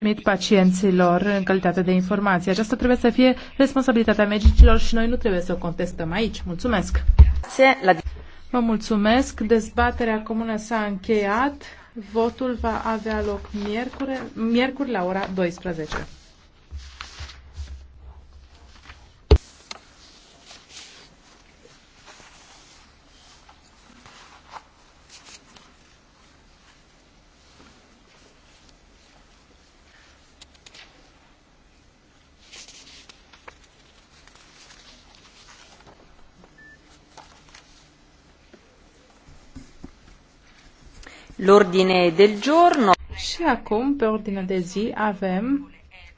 transmit pacienților în calitate de informație. Aceasta trebuie să fie responsabilitatea medicilor și noi nu trebuie să o contestăm aici. Mulțumesc! Vă mulțumesc! Dezbaterea comună s-a încheiat. Votul va avea loc miercuri, miercuri la ora 12. l'ordine del giorno. Și acum, pe ordine de zi, avem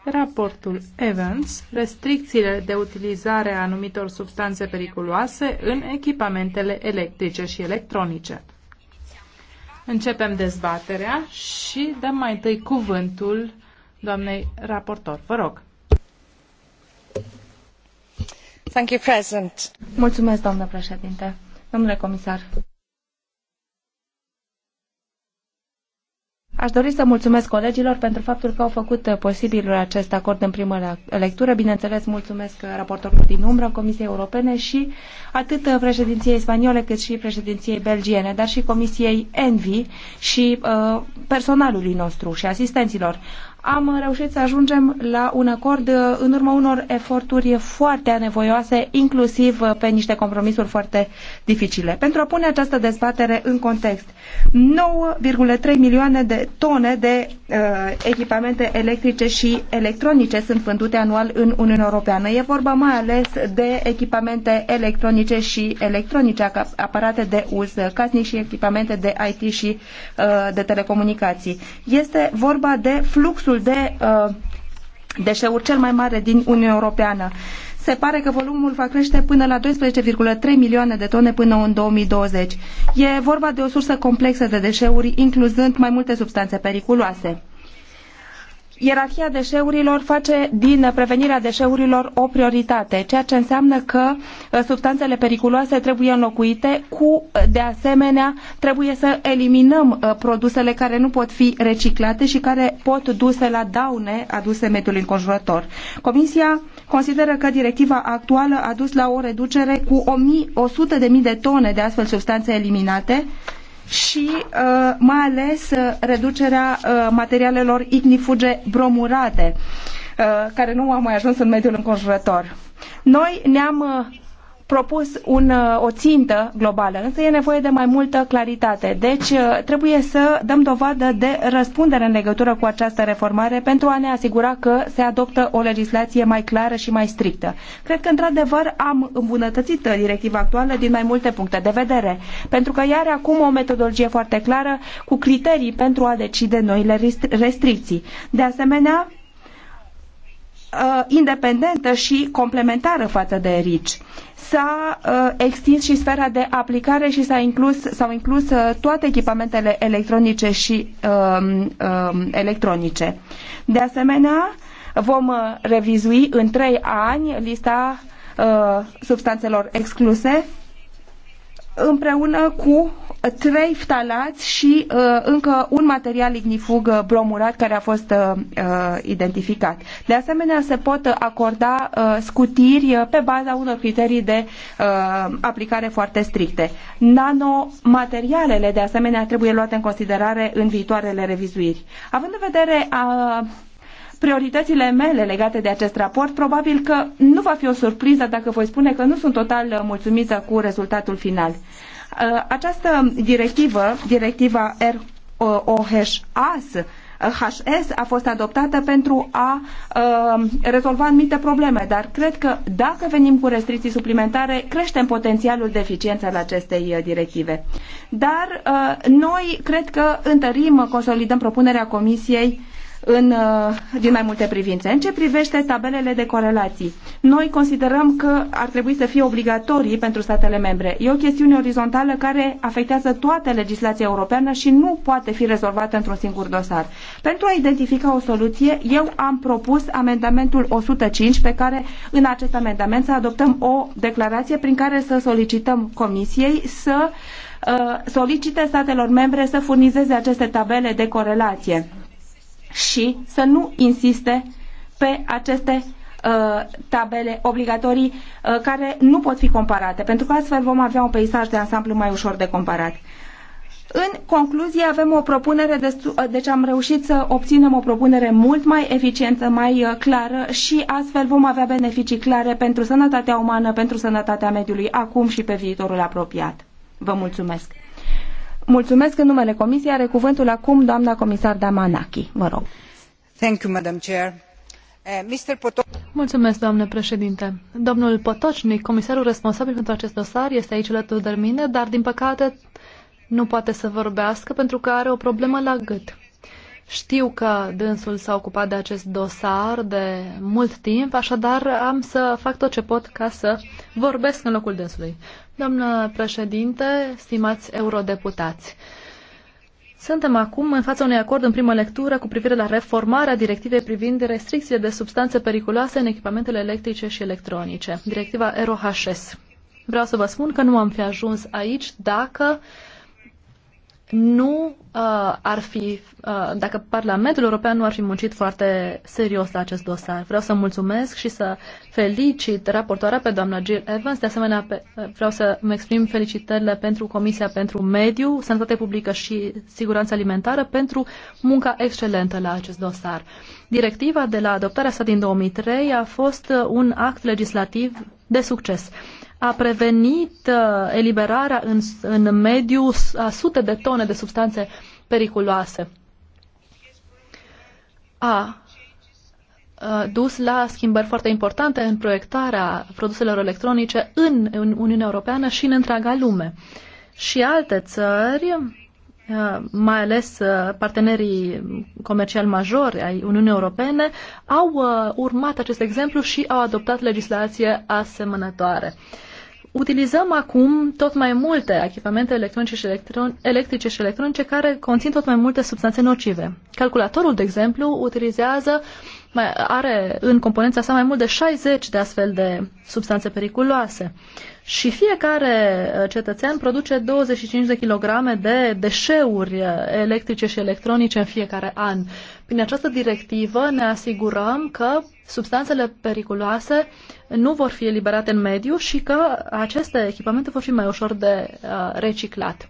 raportul Evans, restricțiile de utilizare a anumitor substanțe periculoase în echipamentele electrice și electronice. Începem dezbaterea și dăm mai întâi cuvântul doamnei raportor. Vă rog. Thank you, President. Mulțumesc, doamnă președinte. Domnule comisar, Aș dori să mulțumesc colegilor pentru faptul că au făcut uh, posibil acest acord în primă lectură. Bineînțeles, mulțumesc uh, raportorului din umbră, Comisiei Europene și atât uh, președinției spaniole cât și președinției belgiene, dar și Comisiei Envi și uh, personalului nostru și asistenților am reușit să ajungem la un acord uh, în urma unor eforturi foarte anevoioase, inclusiv uh, pe niște compromisuri foarte dificile. Pentru a pune această dezbatere în context, 9,3 milioane de tone de uh, echipamente electrice și electronice sunt vândute anual în Uniunea Europeană. E vorba mai ales de echipamente electronice și electronice, aparate de uz casnic și echipamente de IT și uh, de telecomunicații. Este vorba de fluxul lanțul de uh, deșeuri cel mai mare din Uniunea Europeană. Se pare că volumul va crește până la 12,3 milioane de tone până în 2020. E vorba de o sursă complexă de deșeuri, incluzând mai multe substanțe periculoase ierarhia deșeurilor face din prevenirea deșeurilor o prioritate, ceea ce înseamnă că uh, substanțele periculoase trebuie înlocuite cu, uh, de asemenea, trebuie să eliminăm uh, produsele care nu pot fi reciclate și care pot duse la daune aduse mediului înconjurător. Comisia consideră că directiva actuală a dus la o reducere cu 1.100.000 de tone de astfel substanțe eliminate, și uh, mai ales uh, reducerea uh, materialelor ignifuge bromurate, uh, care nu au mai ajuns în mediul înconjurător. Noi ne-am uh, propus un, uh, o țintă globală, însă e nevoie de mai multă claritate. Deci uh, trebuie să dăm dovadă de răspundere în legătură cu această reformare pentru a ne asigura că se adoptă o legislație mai clară și mai strictă. Cred că, într-adevăr, am îmbunătățit uh, directiva actuală din mai multe puncte de vedere, pentru că ea are acum o metodologie foarte clară cu criterii pentru a decide noile restricții. De asemenea, Uh, independentă și complementară față de RICI. S-a uh, extins și sfera de aplicare și s-au inclus, inclus uh, toate echipamentele electronice și um, um, electronice. De asemenea, vom revizui în trei ani lista substanțelor excluse împreună cu trei ftalați și uh, încă un material ignifug uh, bromurat care a fost uh, uh, identificat. De asemenea, se pot acorda uh, scutiri uh, pe baza unor criterii de uh, aplicare foarte stricte. Nanomaterialele, de asemenea, trebuie luate în considerare în viitoarele revizuiri. Având în vedere uh, prioritățile mele legate de acest raport. Probabil că nu va fi o surpriză dacă voi spune că nu sunt total uh, mulțumită cu rezultatul final. Uh, această directivă, directiva ROHS, HS a fost adoptată pentru a uh, rezolva anumite probleme, dar cred că dacă venim cu restricții suplimentare, creștem potențialul de eficiență al acestei uh, directive. Dar uh, noi cred că întărim, consolidăm propunerea Comisiei în, uh, din mai multe privințe. În ce privește tabelele de corelații, noi considerăm că ar trebui să fie obligatorii pentru statele membre. E o chestiune orizontală care afectează toată legislația europeană și nu poate fi rezolvată într-un singur dosar. Pentru a identifica o soluție, eu am propus amendamentul 105 pe care în acest amendament să adoptăm o declarație prin care să solicităm Comisiei să uh, solicite statelor membre să furnizeze aceste tabele de corelație și să nu insiste pe aceste uh, tabele obligatorii uh, care nu pot fi comparate, pentru că astfel vom avea un peisaj de ansamblu mai ușor de comparat. În concluzie, avem o propunere, de uh, deci am reușit să obținem o propunere mult mai eficientă, mai clară și astfel vom avea beneficii clare pentru sănătatea umană, pentru sănătatea mediului, acum și pe viitorul apropiat. Vă mulțumesc! Mulțumesc în numele Comisiei. Are cuvântul acum doamna comisar Damanaki. Vă rog. Thank you, Madam Chair. Eh, Mulțumesc, doamnă președinte. Domnul Potocnic, comisarul responsabil pentru acest dosar, este aici alături de mine, dar din păcate nu poate să vorbească pentru că are o problemă la gât. Știu că dânsul s-a ocupat de acest dosar de mult timp, așadar am să fac tot ce pot ca să vorbesc în locul dânsului. Doamnă președinte, stimați eurodeputați, suntem acum în fața unui acord în primă lectură cu privire la reformarea directivei privind restricțiile de substanțe periculoase în echipamentele electrice și electronice, directiva ROHS. Vreau să vă spun că nu am fi ajuns aici dacă uh, nu uh, ar fi, uh, dacă Parlamentul European nu ar fi muncit foarte serios la acest dosar. Vreau să mulțumesc și să felicit raportoarea pe doamna Jill Evans. De asemenea, pe, uh, vreau să mă exprim felicitările pentru Comisia pentru Mediu, Sănătate Publică și Siguranță Alimentară pentru munca excelentă la acest dosar. Directiva de la adoptarea sa din 2003 a fost un act legislativ de succes a prevenit uh, eliberarea în, în mediu a sute de tone de substanțe periculoase. A uh, dus la schimbări foarte importante în proiectarea produselor electronice în Uniunea Europeană și în întreaga lume. Și alte țări, uh, mai ales partenerii comerciali majori ai Uniunii Europene, au urmat acest exemplu și au adoptat legislație asemănătoare utilizăm acum tot mai multe echipamente electronice și, electron, electrice și electronice care conțin tot mai multe substanțe nocive. Calculatorul, de exemplu, utilizează, mai, are în componența sa mai mult de 60 de astfel de substanțe periculoase. Uh, și fiecare uh, cetățean produce 25 de kilograme de deșeuri uh, electrice și electronice în fiecare an. Prin această directivă ne asigurăm că substanțele periculoase nu vor fi eliberate în mediu și că aceste echipamente vor fi mai ușor de uh, reciclat.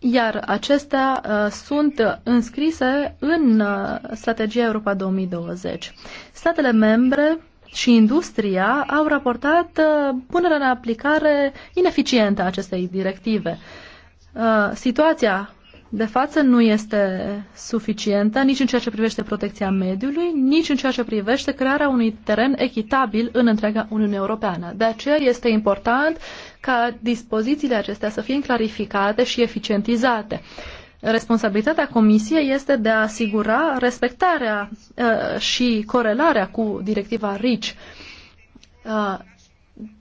Iar acestea sunt înscrise în strategia Europa 2020. Statele membre și industria au raportat uh, punerea în aplicare ineficientă a acestei directive. Uh, situația de față nu este suficientă nici în ceea ce privește protecția mediului, nici în ceea ce privește crearea unui teren echitabil în întreaga Uniune Europeană. De aceea este important ca dispozițiile acestea să fie clarificate și eficientizate. Responsabilitatea Comisiei este de a asigura respectarea uh, și corelarea cu directiva RICI. Uh,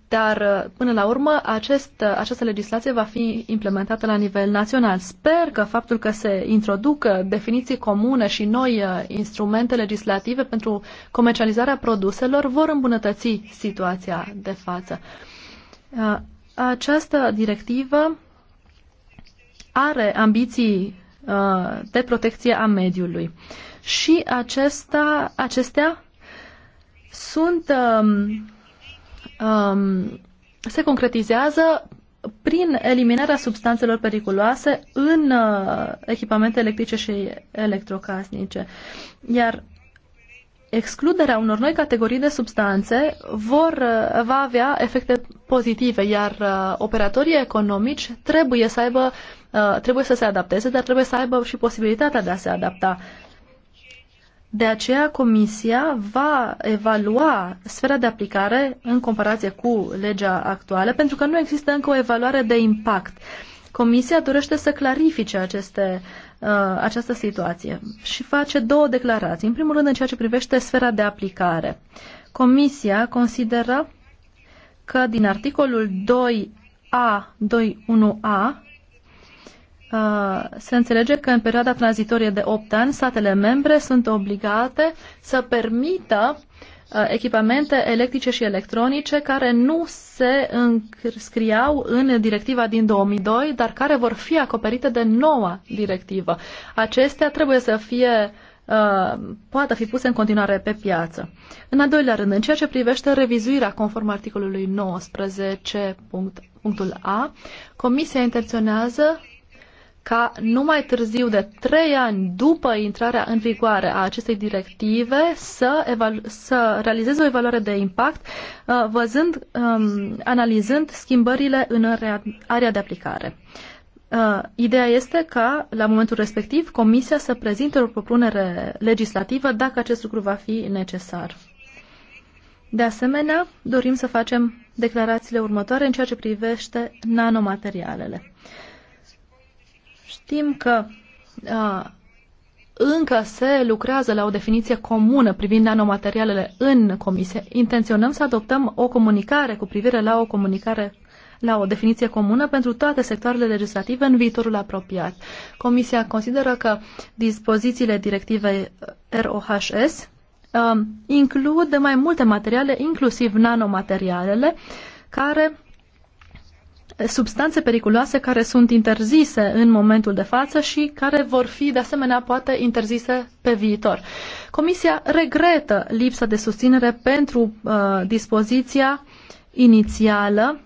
dar, uh, până la urmă, acest, uh, această legislație va fi implementată la nivel național. Sper că faptul că se introduc definiții comune și noi uh, instrumente legislative pentru comercializarea produselor vor îmbunătăți situația de față. Această directivă are ambiții uh, de protecție a mediului. Și acesta, acestea sunt um, um, se concretizează prin eliminarea substanțelor periculoase în uh, echipamente electrice și electrocasnice. Iar excluderea unor noi categorii de substanțe vor, uh, va avea efecte pozitive, iar uh, operatorii economici trebuie să aibă Uh, trebuie să se adapteze, dar trebuie să aibă și posibilitatea de a se adapta. De aceea, Comisia va evalua sfera de aplicare în comparație cu legea actuală, pentru că nu există încă o evaluare de impact. Comisia dorește să clarifice aceste, uh, această situație și face două declarații. În primul rând, în ceea ce privește sfera de aplicare. Comisia consideră că din articolul 2A, 21A, Uh, se înțelege că în perioada tranzitorie de 8 ani, statele membre sunt obligate să permită uh, echipamente electrice și electronice care nu se înscriau în directiva din 2002, dar care vor fi acoperite de noua directivă. Acestea trebuie să fie uh, poată fi puse în continuare pe piață. În al doilea rând, în ceea ce privește revizuirea conform articolului 19.a, Comisia intenționează ca nu mai târziu de trei ani după intrarea în vigoare a acestei directive să, să realizeze o evaluare de impact, uh, văzând, um, analizând schimbările în area de aplicare. Uh, ideea este ca, la momentul respectiv, Comisia să prezinte o propunere legislativă dacă acest lucru va fi necesar. De asemenea, dorim să facem declarațiile următoare în ceea ce privește nanomaterialele. Uh, Știm că uh, încă se lucrează la o definiție comună privind nanomaterialele în comisie. Intenționăm să adoptăm o comunicare cu privire la o comunicare la o definiție comună pentru toate sectoarele legislative în viitorul apropiat. Comisia consideră că dispozițiile directivei ROHS uh, includ mai multe materiale, inclusiv nanomaterialele, care substanțe periculoase care sunt interzise în momentul de față și care vor fi, de asemenea, poate interzise pe viitor. Comisia regretă lipsa de susținere pentru uh, dispoziția inițială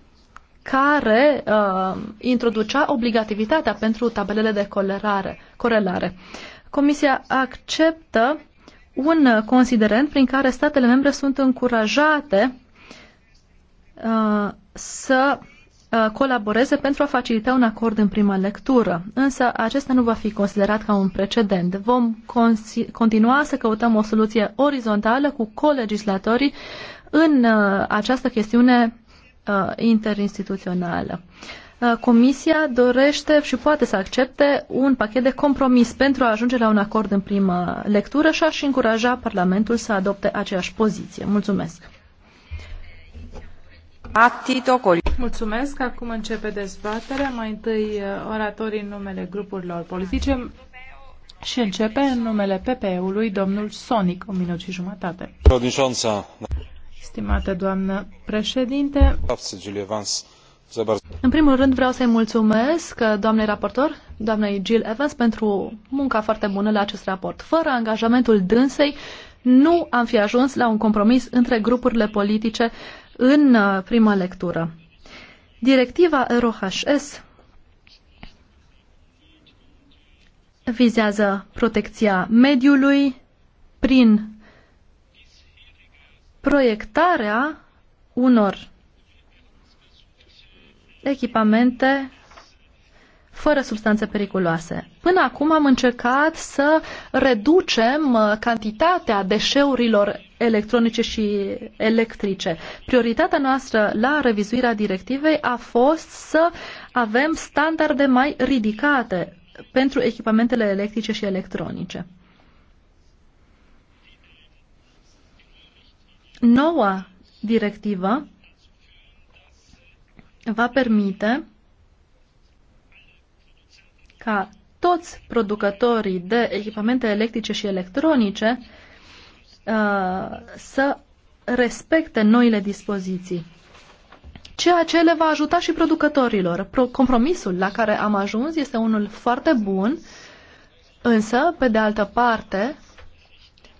care uh, introducea obligativitatea pentru tabelele de colerare, corelare. Comisia acceptă un considerent prin care statele membre sunt încurajate uh, să Uh, colaboreze pentru a facilita un acord în prima lectură, însă acesta nu va fi considerat ca un precedent. Vom continua să căutăm o soluție orizontală cu colegislatorii în uh, această chestiune uh, interinstituțională. Comisia dorește și poate să accepte un pachet de compromis pentru a ajunge la un acord în prima lectură și aș încuraja Parlamentul să adopte aceeași poziție. Mulțumesc! Mulțumesc. Acum începe dezbaterea. Mai întâi uh, oratorii în numele grupurilor politice și începe în numele PPE-ului domnul Sonic, un minut și jumătate. Stimată doamnă președinte, în primul rând vreau să-i mulțumesc uh, doamnei raportor, doamnei Jill Evans, pentru munca foarte bună la acest raport. Fără angajamentul dânsei, nu am fi ajuns la un compromis între grupurile politice în uh, prima lectură. Directiva ROHS vizează protecția mediului prin proiectarea unor echipamente fără substanțe periculoase. Până acum am încercat să reducem uh, cantitatea deșeurilor electronice și electrice. Prioritatea noastră la revizuirea directivei a fost să avem standarde mai ridicate pentru echipamentele electrice și electronice. Noua directivă va permite ca toți producătorii de echipamente electrice și electronice uh, să respecte noile dispoziții. Ceea ce le va ajuta și producătorilor. Compromisul la care am ajuns este unul foarte bun, însă, pe de altă parte,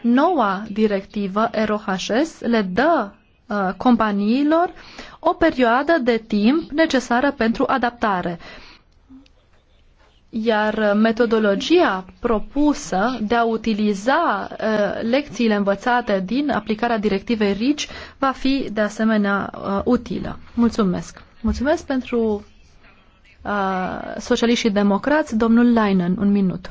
noua directivă ROHS le dă uh, companiilor o perioadă de timp necesară pentru adaptare. Uh, iar metodologia propusă de a utiliza uh, lecțiile învățate din aplicarea directivei RICI va fi de asemenea uh, utilă. Mulțumesc! Mulțumesc pentru uh, socialiști și democrați, domnul Leinen, un minut.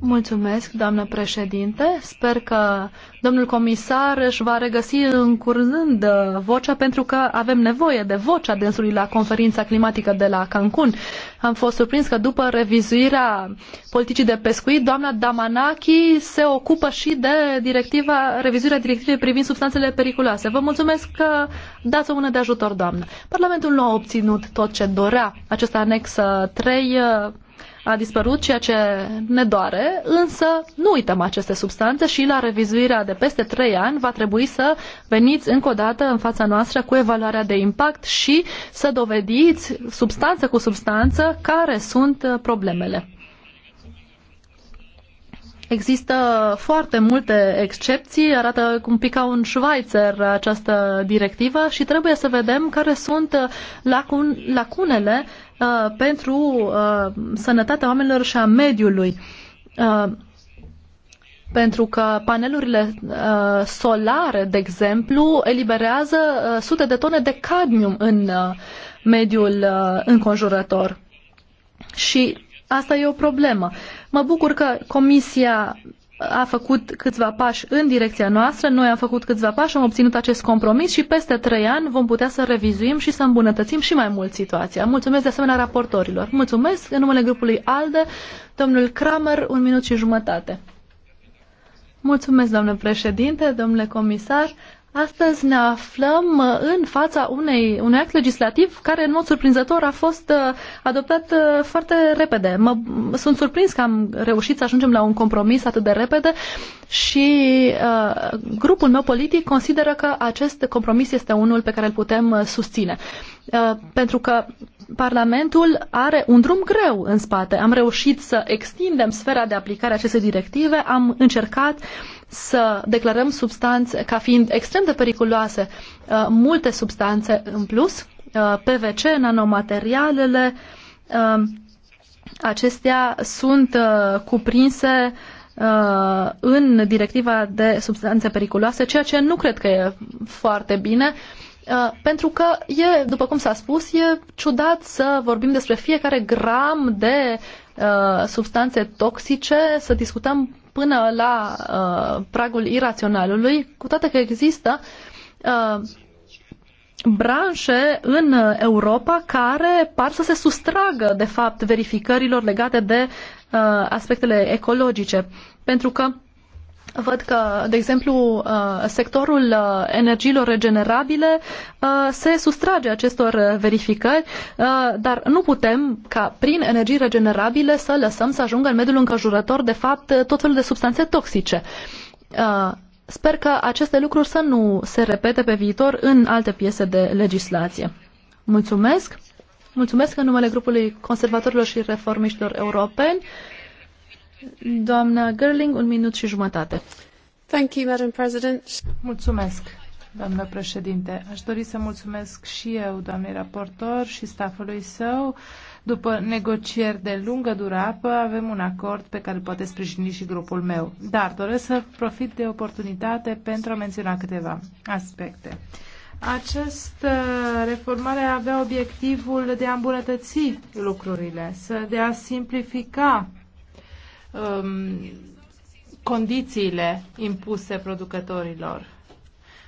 Mulțumesc, doamnă președinte. Sper că domnul comisar își va regăsi în curând uh, vocea, pentru că avem nevoie de vocea dânsului la conferința climatică de la Cancun. Am fost surprins că după revizuirea politicii de pescuit, doamna Damanaki se ocupă și de directiva, revizuirea directivei privind substanțele periculoase. Vă mulțumesc că dați o mână de ajutor, doamnă. Parlamentul nu a obținut tot ce dorea. Această anexă 3 uh, a dispărut, ceea ce ne doare, însă nu uităm aceste substanțe și la revizuirea de peste 3 ani va trebui să veniți încă o dată în fața noastră cu evaluarea de impact și să dovediți substanță cu substanță care sunt problemele. Există foarte multe excepții, arată cum pica un Schweizer această directivă și trebuie să vedem care sunt lacun, lacunele uh, pentru uh, sănătatea oamenilor și a mediului. Uh, pentru că panelurile uh, solare, de exemplu, eliberează uh, sute de tone de cadmium în uh, mediul uh, înconjurător. Și asta e o problemă. Uh, Mă bucur că Comisia a făcut câțiva pași în direcția noastră, noi am făcut câțiva pași, am obținut acest compromis și peste trei ani vom putea să revizuim și să îmbunătățim și mai mult situația. Mulțumesc de asemenea raportorilor. Mulțumesc în numele grupului ALDE, domnul Kramer, un minut și jumătate. Mulțumesc, doamnă președinte, domnule comisar. Astăzi ne aflăm uh, în fața unei, unui act legislativ care, în mod surprinzător, a fost uh, adoptat uh, foarte repede. Mă, sunt surprins că am reușit să ajungem la un compromis atât de repede și uh, grupul meu politic consideră că acest compromis este unul pe care îl putem susține. Uh, pentru că Parlamentul are un drum greu în spate. Am reușit să extindem sfera de aplicare a acestei directive, am încercat să declarăm substanțe ca fiind extrem de periculoase, uh, multe substanțe în plus, uh, PVC, nanomaterialele, uh, acestea sunt cuprinse în directiva de substanțe periculoase, ceea ce nu cred că e foarte bine. Uh, pentru că e, după cum s-a spus, e ciudat să vorbim despre fiecare gram de uh, substanțe toxice, să discutăm până la uh, pragul iraționalului, cu toate că există uh, branșe în Europa care par să se sustragă, de fapt, verificărilor legate de uh, aspectele ecologice. Pentru că Văd că, de exemplu, uh, sectorul uh, energiilor regenerabile uh, se sustrage acestor verificări, dar nu putem ca prin energii regenerabile să lăsăm să ajungă în mediul înconjurător, de fapt, tot felul de substanțe toxice. Sper că aceste lucruri să nu se repete pe viitor în alte piese de legislație. Mulțumesc! Mulțumesc în numele grupului conservatorilor și reformiștilor europeni. Doamna Gerling, un minut și jumătate. Thank you, Madam President. Mulțumesc. Doamnă președinte, aș dori să mulțumesc și eu, doamnei raportor și stafului său. După negocieri de lungă durată, avem un acord pe care îl poate sprijini și grupul meu. Dar doresc să profit de oportunitate pentru a menționa câteva aspecte. Această reformare avea obiectivul de a îmbunătăți lucrurile, de a simplifica um, condițiile impuse producătorilor.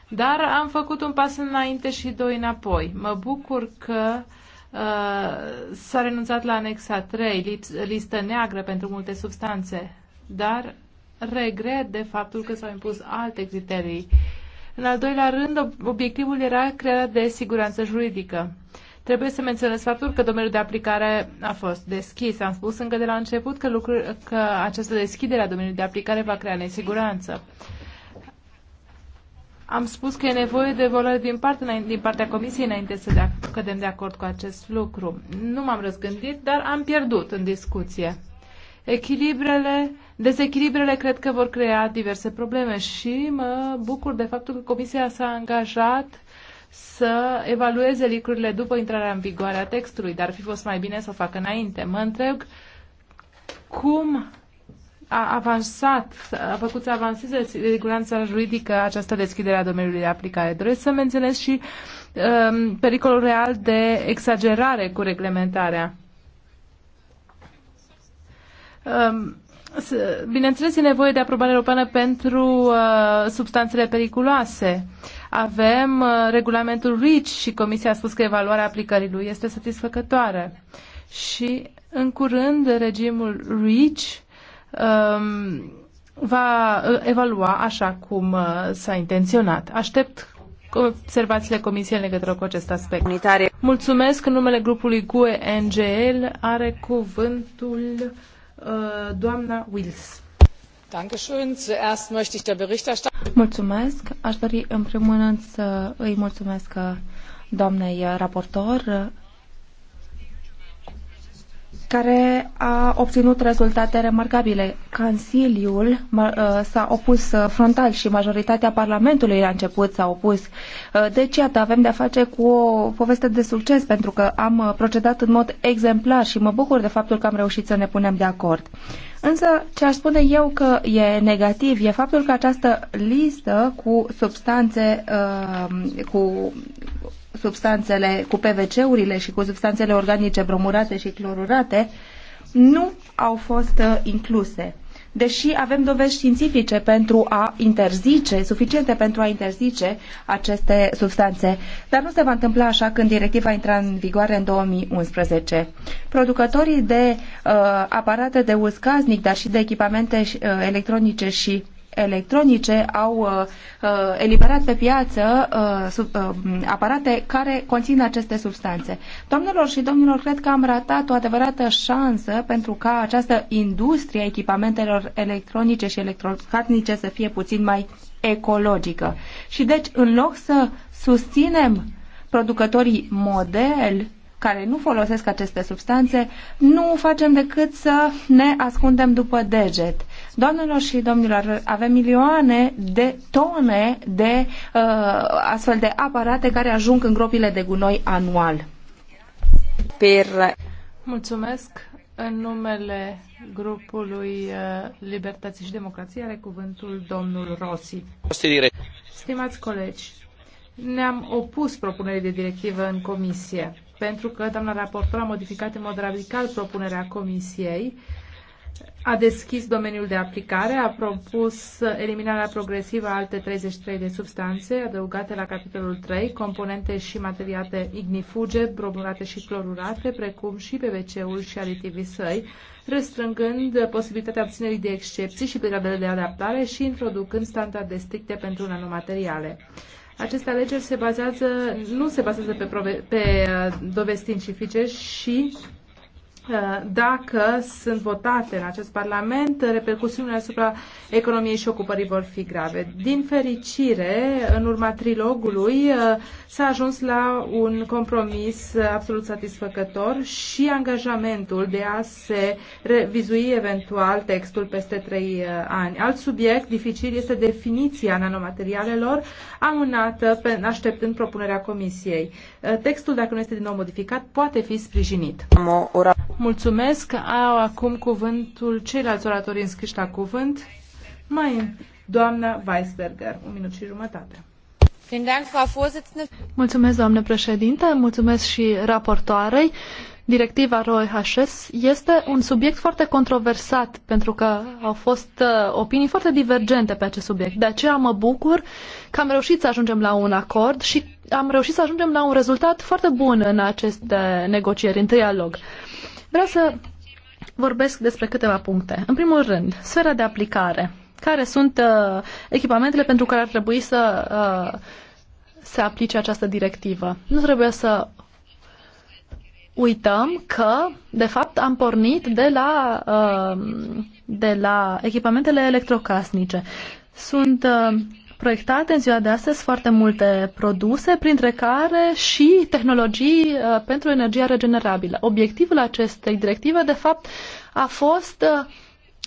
Dar am făcut un pas înainte și doi înapoi. Mă bucur că uh, s-a renunțat la anexa 3, listă neagră pentru multe substanțe, dar regret de faptul că s-au impus alte criterii. În al doilea rând, obiectivul era crearea de siguranță juridică. Uh, Trebuie să menționez faptul că domeniul de aplicare a fost deschis. Am spus încă de la început că, lucruri, că această deschidere a domeniului de aplicare va crea nesiguranță. Am spus că e nevoie de evaluări din, parte, din partea Comisiei înainte să de, cădem de acord cu acest lucru. Nu m-am răzgândit, dar am pierdut în discuție. Echilibrele, dezechilibrele cred că vor crea diverse probleme și mă bucur de faptul că Comisia s-a angajat să evalueze lucrurile după intrarea în vigoare a textului, dar ar fi fost mai bine să o facă înainte. Mă întreb cum a avansat, a făcut să avanseze siguranța juridică această deschidere a domeniului de aplicare. Doresc să menționez și um, pericolul real de exagerare cu reglementarea. Um, Bineînțeles, e nevoie de aprobare europeană pentru uh, substanțele periculoase. Avem uh, regulamentul REACH și Comisia a spus că evaluarea aplicării lui este satisfăcătoare. Și în curând regimul REACH um, va uh, evalua așa cum uh, s-a intenționat. Aștept observațiile Comisiei în legătură cu acest aspect. Unitare. Mulțumesc. În numele grupului GUE-NGL are cuvântul Uh, doamna Wills. Mulțumesc. Aș dori în primul rând să îi mulțumesc uh, doamnei uh, raportor care a obținut rezultate remarcabile. Consiliul uh, s-a opus uh, frontal și majoritatea Parlamentului la început s-a opus. Uh, deci, iată, avem de-a face cu o poveste de succes pentru că am procedat în mod exemplar și mă bucur de faptul că am reușit să ne punem de acord. Însă, ce aș spune eu că e negativ e faptul că această listă cu substanțe, cu substanțele, cu PVC-urile și cu substanțele organice bromurate și clorurate, nu au fost uh, incluse. Deși avem dovezi științifice pentru a interzice, suficiente pentru a interzice aceste substanțe, dar nu se va întâmpla așa când directiva intra în vigoare în 2011. Producătorii de uh, aparate de uz casnic, dar și de echipamente uh, electronice și electronice au uh, uh, eliberat pe piață uh, aparate care conțin aceste substanțe. Doamnelor și domnilor, cred că am ratat o adevărată șansă pentru ca această industrie a echipamentelor electronice și electrocarnice să fie puțin mai ecologică. Și deci, în loc să susținem producătorii model care nu folosesc aceste substanțe, nu facem decât să ne ascundem după deget. Doamnelor și domnilor, avem milioane de tone de uh, astfel de aparate care ajung în gropile de gunoi anual. Mulțumesc. În numele grupului uh, Libertății și Democrație are cuvântul domnul Rossi. Stimați colegi, ne-am opus propunerii de directivă în comisie, pentru că doamna raportor a modificat în mod radical propunerea comisiei a deschis domeniul de aplicare, a propus eliminarea progresivă a alte 33 de substanțe adăugate la capitolul 3, componente și materiale ignifuge, bromurate și clorurate, precum și PVC-ul și aditivii săi, restrângând posibilitatea obținerii de excepții și perioadele de adaptare și introducând standarde stricte pentru nanomateriale. Aceste alegeri se bazează, nu se bazează pe, prove, pe uh, dovesti științifice și Uh, dacă sunt votate în acest Parlament, repercusiunile asupra economiei și ocupării vor fi grave. Din fericire, în urma trilogului uh, s-a ajuns la un compromis absolut satisfăcător și angajamentul de a se revizui eventual textul peste trei uh, ani. Alt subiect dificil este definiția nanomaterialelor amânată așteptând propunerea Comisiei. Textul, dacă nu este din nou modificat, poate fi sprijinit. Mulțumesc. Au acum cuvântul ceilalți oratori înscriși la cuvânt. Mai doamna Weisberger, un minut și jumătate. Mulțumesc, doamnă președinte, mulțumesc și raportoarei. Directiva ROHS este un subiect foarte controversat pentru că au fost uh, opinii foarte divergente pe acest subiect. De aceea mă bucur că am reușit să ajungem la un acord și am reușit să ajungem la un rezultat foarte bun în aceste negocieri, în trialog. Vreau să vorbesc despre câteva puncte. În primul rând, sfera de aplicare. Care sunt uh, echipamentele pentru care ar trebui să uh, se aplice această directivă? Nu trebuie să uităm că, de fapt, am pornit de la, uh, de la echipamentele electrocasnice. Sunt uh, proiectate în ziua de astăzi foarte multe produse, printre care și tehnologii uh, pentru energia regenerabilă. Obiectivul acestei directive, de fapt, a fost uh,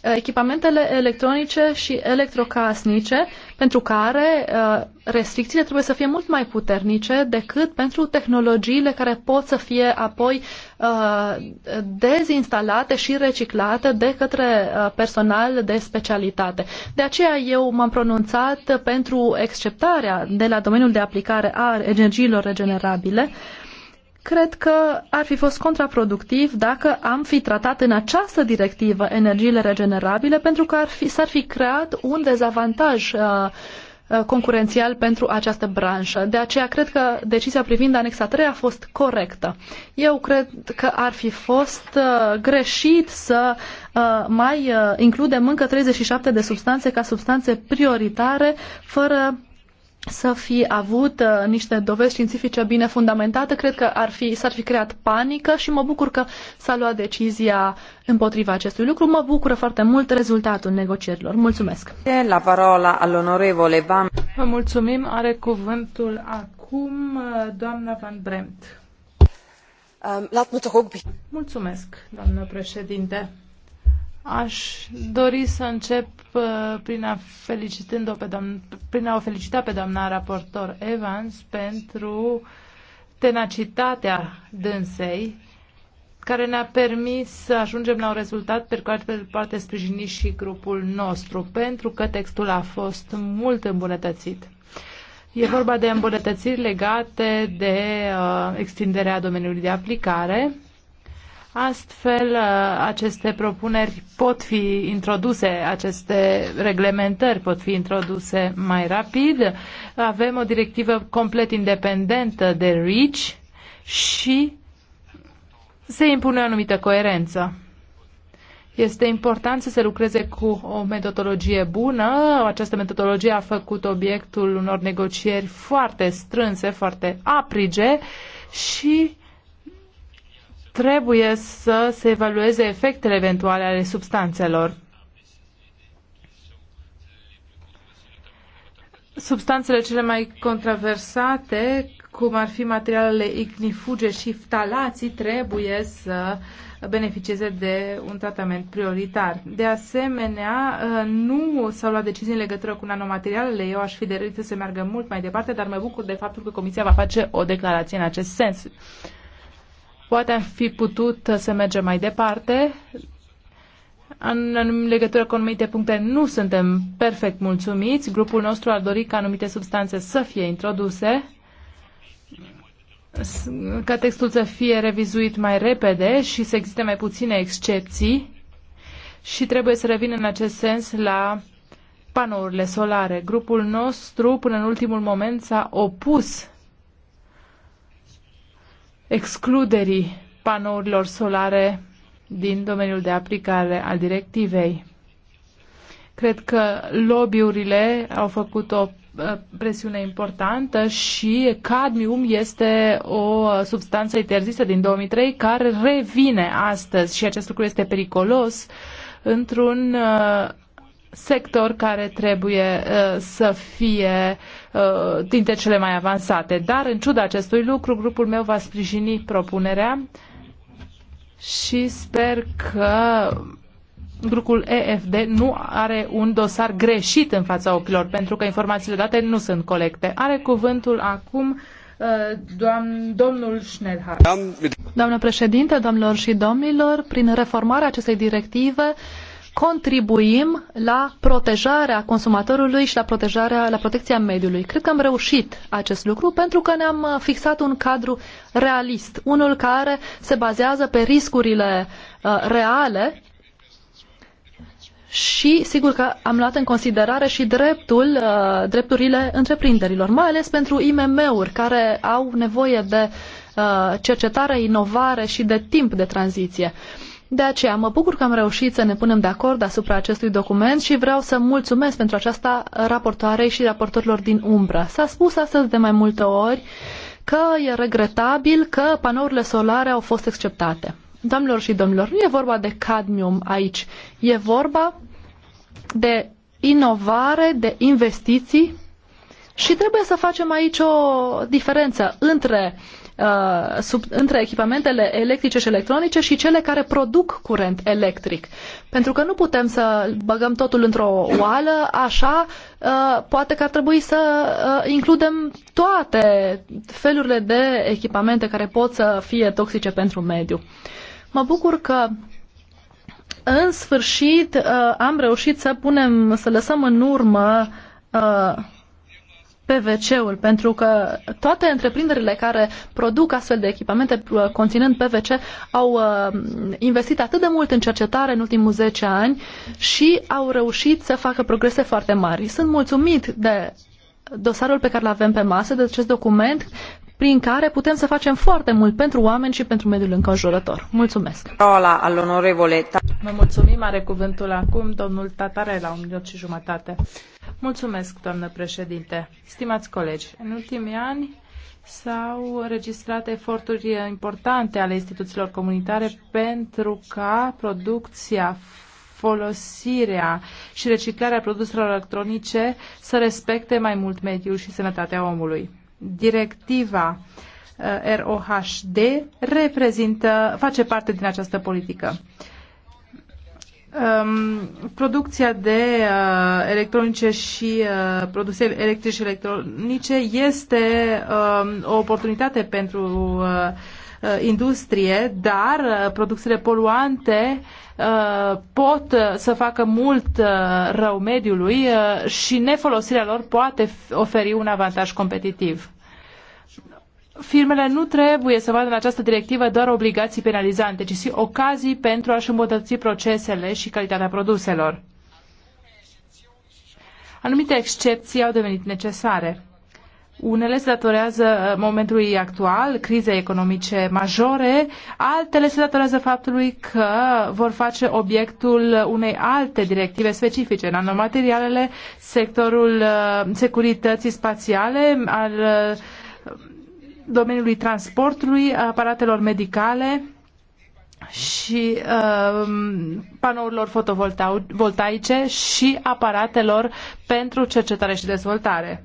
Uh, echipamentele electronice și electrocasnice, pentru care uh, restricțiile trebuie să fie mult mai puternice decât pentru tehnologiile care pot să fie apoi uh, dezinstalate și reciclate de către personal de specialitate. De aceea eu m-am pronunțat pentru exceptarea de la domeniul de aplicare a energiilor regenerabile cred că ar fi fost contraproductiv dacă am fi tratat în această directivă energiile regenerabile, pentru că ar fi, s-ar fi creat un dezavantaj uh, uh concurențial pentru această branșă. De aceea cred că decizia privind anexa 3 a fost corectă. Eu cred că ar fi fost uh, greșit să uh, mai uh, includem încă 37 de substanțe ca substanțe prioritare fără să fi avut uh, niște dovezi științifice bine fundamentate, cred că ar fi, s-ar fi creat panică și mă bucur că s-a luat decizia împotriva acestui lucru. Mă bucură foarte mult rezultatul negocierilor. Mulțumesc! La parola al onorevole Van. Vă mulțumim. Are cuvântul acum uh, doamna Van Bremt. Um, Mulțumesc, doamnă președinte. Aș dori să încep uh, prin a, felicitând-o pe doamn- prin a o felicita pe doamna raportor Evans pentru tenacitatea dânsei care ne-a permis să ajungem la un rezultat pe care pe parte sprijini și grupul nostru, pentru că textul a fost mult îmbunătățit. E vorba de îmbunătățiri legate de uh, extinderea domeniului de aplicare, Astfel, uh, aceste propuneri pot fi introduse, aceste reglementări pot fi introduse mai rapid. Avem o directivă complet independentă de REACH și se impune o anumită coerență. Este important să se lucreze cu o metodologie bună. Această metodologie a făcut obiectul unor negocieri foarte strânse, foarte aprige și uh, trebuie să se evalueze efectele eventuale ale substanțelor. Substanțele cele mai controversate, cum ar fi materialele ignifuge și ftalații, trebuie să beneficieze de un tratament prioritar. De asemenea, nu s-au luat decizii în legătură cu nanomaterialele. Eu aș fi dorit să se meargă mult mai departe, dar mă bucur de faptul că Comisia va face o declarație în acest sens. Poate am fi putut să mergem mai departe. În legătură cu anumite puncte nu suntem perfect mulțumiți. Grupul nostru ar dori ca anumite substanțe să fie introduse, ca textul să fie revizuit mai repede și să existe mai puține excepții și trebuie să revin în acest sens la panourile solare. Grupul nostru până în ultimul moment s-a opus excluderii panourilor solare din domeniul de aplicare al directivei. Cred că lobbyurile au făcut o uh, presiune importantă și cadmium este o uh, substanță interzisă din 2003 care revine astăzi și acest lucru este periculos într-un uh, sector care trebuie să fie Uh, dintre cele mai avansate. Dar, în ciuda acestui lucru, grupul meu va sprijini propunerea și sper că grupul EFD nu are un dosar greșit în fața ochilor, pentru că informațiile date nu sunt colecte. Are cuvântul acum uh, domnul Schnellhardt. Doamnă președinte, domnilor și domnilor, prin reformarea acestei directive, contribuim la protejarea consumatorului și la, protejarea, la protecția mediului. Cred că am reușit acest lucru pentru că ne-am uh, fixat un cadru realist, unul care se bazează pe riscurile uh, reale și sigur că am luat în considerare și dreptul, uh, drepturile întreprinderilor, mai ales pentru IMM-uri care au nevoie de uh, cercetare, inovare și de timp de tranziție. Uh, de aceea mă bucur că am reușit să ne punem de acord asupra acestui document și vreau să mulțumesc pentru aceasta raportoarei și raportorilor din umbră. S-a spus astăzi de mai multe ori că e regretabil că panourile solare au fost exceptate. Doamnelor și domnilor, nu e vorba de cadmium aici, e vorba de inovare, de investiții și trebuie să facem aici o diferență între uh, Uh, sub, între echipamentele electrice și electronice și cele care produc curent electric. Pentru că nu putem să băgăm totul într-o oală, așa uh, poate că ar trebui să uh, includem toate felurile de echipamente care pot să fie toxice pentru mediu. Mă bucur că în sfârșit am reușit să punem, să lăsăm în urmă PVC-ul, pentru că toate întreprinderile care produc astfel de echipamente conținând PVC au uh, investit atât de mult în cercetare în ultimul 10 ani și au reușit să facă progrese foarte mari. Sunt mulțumit de dosarul pe care îl avem pe masă, de acest document prin care putem să facem foarte mult pentru oameni și pentru mediul înconjurător. Mulțumesc! Parola al onorevole Vă mulțumim, are cuvântul acum domnul Tatare la un minut și jumătate. Mulțumesc, doamnă președinte. Stimați colegi, în ultimii ani s-au registrat eforturi importante ale instituțiilor comunitare pentru ca producția folosirea și reciclarea produselor electronice să respecte mai mult mediul și sănătatea omului. Directiva eh, ROHD reprezintă, face parte din această politică. Um, producția de uh, electronice și uh, produse electrice și electronice este um, o oportunitate pentru uh, Uh, industrie, dar uh, producțiile poluante uh, pot să facă mult rău mediului și nefolosirea lor poate oferi un avantaj competitiv. Firmele nu trebuie să vadă în această directivă doar obligații penalizante, ci și ocazii pentru a-și îmbunătăți procesele și calitatea produselor. Anumite excepții au devenit necesare. Unele se datorează uh, momentului actual, crizei economice majore, altele se datorează faptului că vor face obiectul unei alte directive specifice, nanomaterialele, sectorul uh, securității spațiale, al uh, domeniului transportului, aparatelor medicale și uh, panourilor fotovoltaice și aparatelor pentru cercetare și dezvoltare.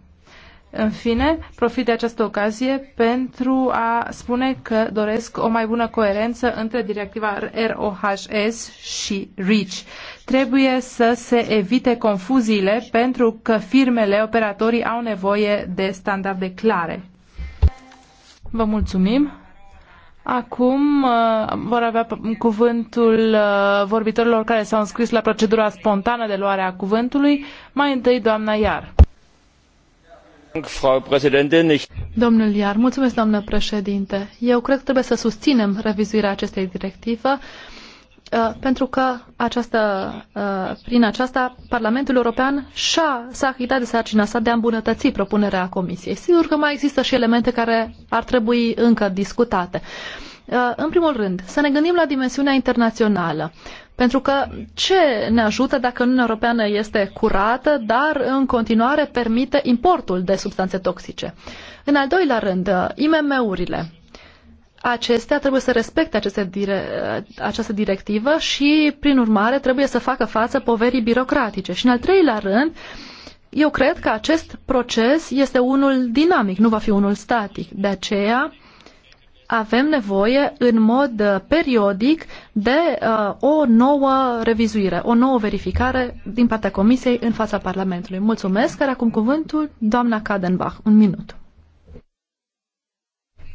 În fine, profit de această ocazie pentru a spune că doresc o mai bună coerență între directiva ROHS și REACH. Trebuie să se evite confuziile pentru că firmele, operatorii au nevoie de standarde clare. Vă mulțumim! Acum uh, vor avea cuvântul uh, vorbitorilor care s-au înscris la procedura spontană de luare a cuvântului. Mai întâi, doamna Iar. Domnul Iar, mulțumesc, doamnă președinte. Eu cred că trebuie să susținem revizuirea acestei directive uh, pentru că această, uh, prin aceasta Parlamentul European și-a, s-a achitat de sarcina sa de a îmbunătăți propunerea Comisiei. Sigur că mai există și elemente care ar trebui încă discutate. Uh, în primul rând, să ne gândim la dimensiunea internațională. Pentru că ce ne ajută dacă Uniunea Europeană este curată, dar în continuare permite importul de substanțe toxice? În al doilea rând, uh, IMM-urile. Acestea trebuie să respecte aceste dire, uh, această directivă și, prin urmare, trebuie să facă față poverii birocratice. Și, în al treilea rând, eu cred că acest proces este unul dinamic, nu va fi unul static. De aceea, avem nevoie în mod uh, periodic de uh, o nouă revizuire, o nouă verificare din partea Comisiei în fața Parlamentului. Mulțumesc, care acum cuvântul doamna Kadenbach. Un minut.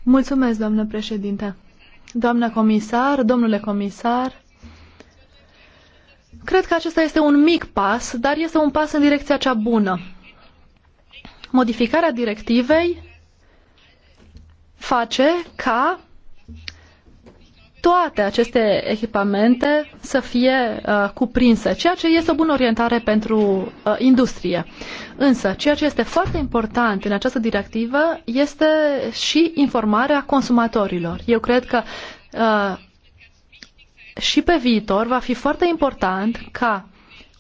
Mulțumesc, doamnă președinte. Doamna comisar, domnule comisar, cred că acesta este un mic pas, dar este un pas în direcția cea bună. Modificarea directivei face ca toate aceste echipamente să fie uh, cuprinse, ceea ce este o bună orientare pentru uh, industrie. Însă, ceea ce este foarte important în această directivă este și informarea consumatorilor. Eu cred că uh, și pe viitor va fi foarte important ca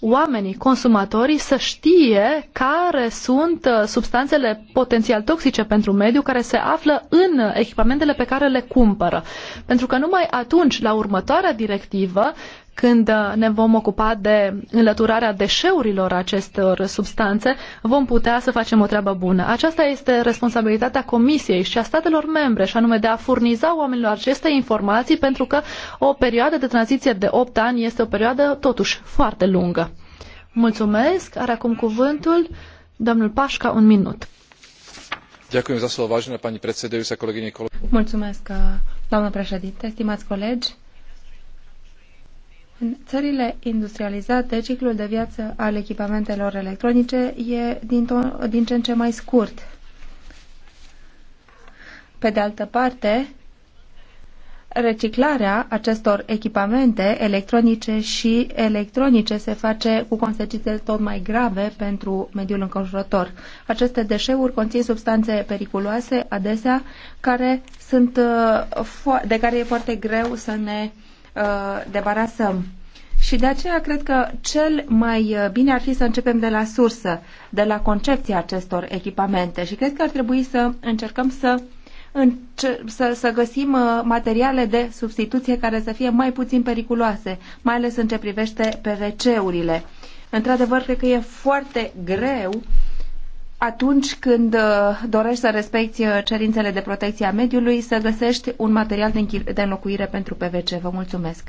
oamenii, consumatorii, să știe care sunt uh, substanțele potențial toxice pentru mediu care se află în echipamentele pe care le cumpără. Pentru că numai atunci, la următoarea directivă, când uh, ne vom ocupa de înlăturarea deșeurilor acestor substanțe, vom putea să facem o treabă bună. Aceasta este responsabilitatea Comisiei și a statelor membre, și anume de a furniza oamenilor aceste informații, pentru că o perioadă de tranziție de 8 ani este o perioadă totuși foarte lungă. Mulțumesc. Are acum cuvântul domnul Pașca, un minut. Mulțumesc, uh, doamnă președinte, stimați colegi. În țările industrializate, ciclul de viață al echipamentelor electronice e din, ton, din ce în ce mai scurt. Pe de altă parte, reciclarea acestor echipamente electronice și electronice se face cu consecințe tot mai grave pentru mediul înconjurător. Aceste deșeuri conțin substanțe periculoase, adesea, care sunt, uh, de care e foarte greu să ne uh, debarasăm. Și de aceea cred că cel mai uh, bine ar fi să începem de la sursă, de la concepția acestor echipamente și cred că ar trebui să încercăm să, înce- să, să găsim uh, materiale de substituție care să fie mai puțin periculoase, mai ales în ce privește PVC-urile. Într-adevăr, cred că e foarte greu atunci când uh, dorești să respecti cerințele de protecție a mediului, să găsești un material de înlocuire pentru PVC. Vă mulțumesc!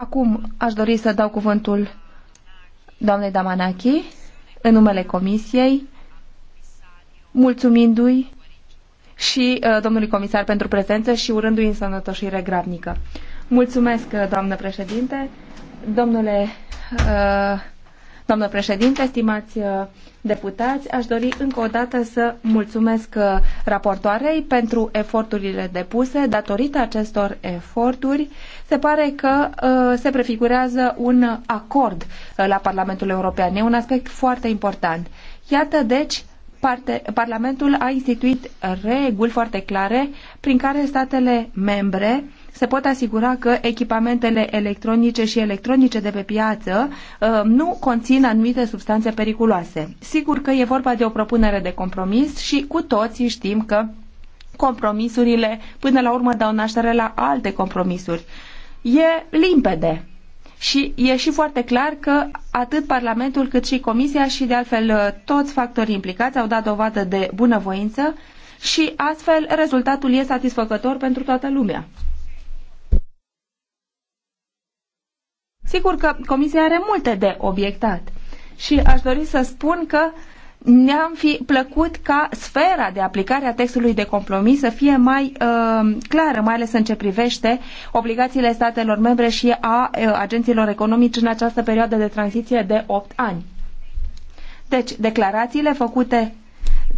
Acum aș dori să dau cuvântul doamnei Damanachi în numele Comisiei, mulțumindu-i și uh, domnului comisar pentru prezență și urându-i sănătoșire gravnică. Mulțumesc, uh, doamnă președinte, domnule uh, Domnule președinte, stimați uh, deputați, aș dori încă o dată să mulțumesc uh, raportoarei pentru eforturile depuse. Datorită acestor eforturi, se pare că uh, se prefigurează un acord la Parlamentul European. E un aspect foarte important. Iată, deci, parte, Parlamentul a instituit reguli foarte clare prin care statele membre se pot asigura că echipamentele electronice și electronice de pe piață uh, nu conțin anumite substanțe periculoase. Sigur că e vorba de o propunere de compromis și cu toții știm că compromisurile până la urmă dau naștere la alte compromisuri. E limpede. Și e și foarte clar că atât Parlamentul cât și Comisia și de altfel uh, toți factorii implicați au dat dovadă de bunăvoință și astfel rezultatul e satisfăcător pentru toată lumea. Sigur că Comisia are multe de obiectat și aș dori să spun că ne-am fi plăcut ca sfera de aplicare a textului de compromis să fie mai uh, clară, mai ales în ce privește obligațiile statelor membre și a uh, agenților economici în această perioadă de tranziție de 8 ani. Deci, declarațiile făcute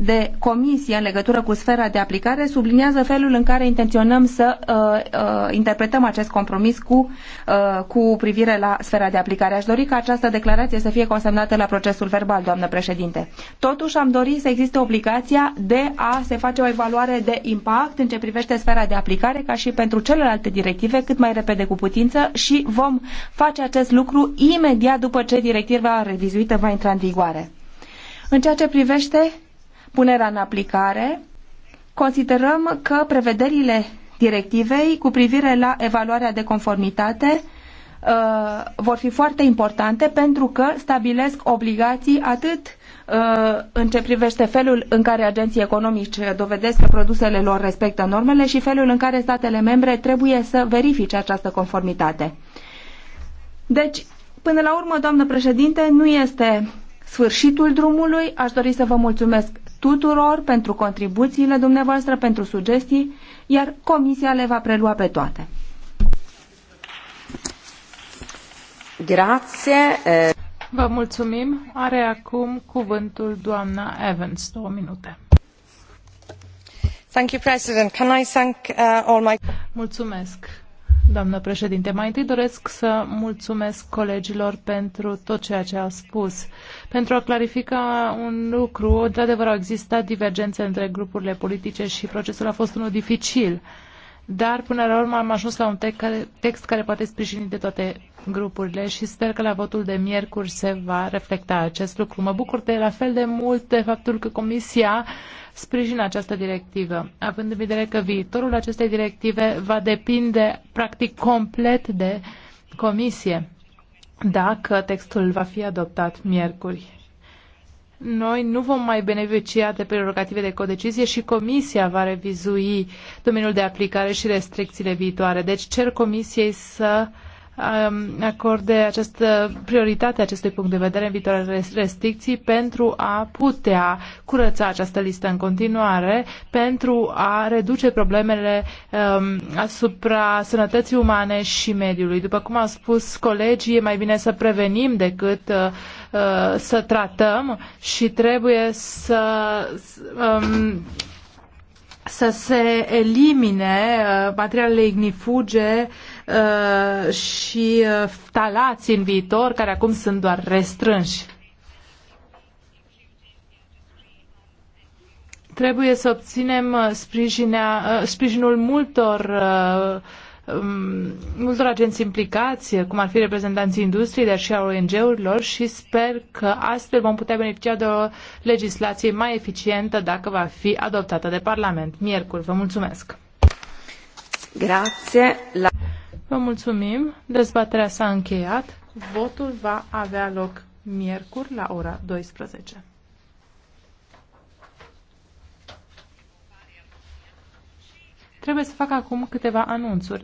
de comisie în legătură cu sfera de aplicare subliniază felul în care intenționăm să uh, uh, interpretăm acest compromis cu, uh, cu privire la sfera de aplicare. Aș dori ca această declarație să fie consemnată la procesul verbal, doamnă președinte. Totuși am dorit să existe obligația de a se face o evaluare de impact în ce privește sfera de aplicare, ca și pentru celelalte directive, cât mai repede cu putință și vom face acest lucru imediat după ce directiva revizuită va intra în vigoare. În ceea ce privește punerea în aplicare, considerăm că prevederile directivei cu privire la evaluarea de conformitate uh, vor fi foarte importante pentru că stabilesc obligații atât uh, în ce privește felul în care agenții economici dovedesc că produsele lor respectă normele și felul în care statele membre trebuie să verifice această conformitate. Deci, până la urmă, doamnă președinte, nu este sfârșitul drumului. Aș dori să vă mulțumesc tuturor pentru contribuțiile dumneavoastră, pentru sugestii, iar comisia le va prelua pe toate. Grazie. Eh. Vă mulțumim. Are acum cuvântul doamna Evans, două minute. Thank you, President. Can I thank uh, all my... Mulțumesc doamnă președinte. Mai întâi doresc să mulțumesc colegilor pentru tot ceea ce au spus. Pentru a clarifica un lucru, într-adevăr au existat divergențe între grupurile politice și procesul a fost unul dificil. Uh, dar până la urmă am ajuns la un text care, text care poate sprijini de toate grupurile și sper că la votul de miercuri se va reflecta acest lucru. Mă bucur de la fel de mult de faptul că Comisia sprijină această directivă, având în vedere că viitorul acestei directive va depinde practic complet de Comisie, dacă textul va fi adoptat miercuri noi nu vom mai beneficia de prerogative de codecizie și Comisia va revizui domeniul de aplicare și restricțiile viitoare. Deci cer Comisiei să uh, acorde această prioritate acestui punct de vedere în viitoarele restricții pentru a putea curăța această listă în continuare, pentru a reduce problemele um, asupra sănătății umane și mediului. După cum au spus colegii, e mai bine să prevenim decât uh, uh să tratăm și trebuie să um, să se elimine uh, materialele ignifuge uh, Uh, și uh, talați în viitor, care acum sunt doar restrânși. Trebuie să obținem uh, sprijinul multor um, multor agenți implicați, cum ar fi reprezentanții industriei, dar și a ONG-urilor și sper că astfel vom putea beneficia de o legislație mai eficientă dacă va fi adoptată de Parlament. Miercuri, vă mulțumesc! Grazie! La... Vă mulțumim. Dezbaterea s-a încheiat. Votul va avea loc miercuri la ora 12. Trebuie să fac acum câteva anunțuri.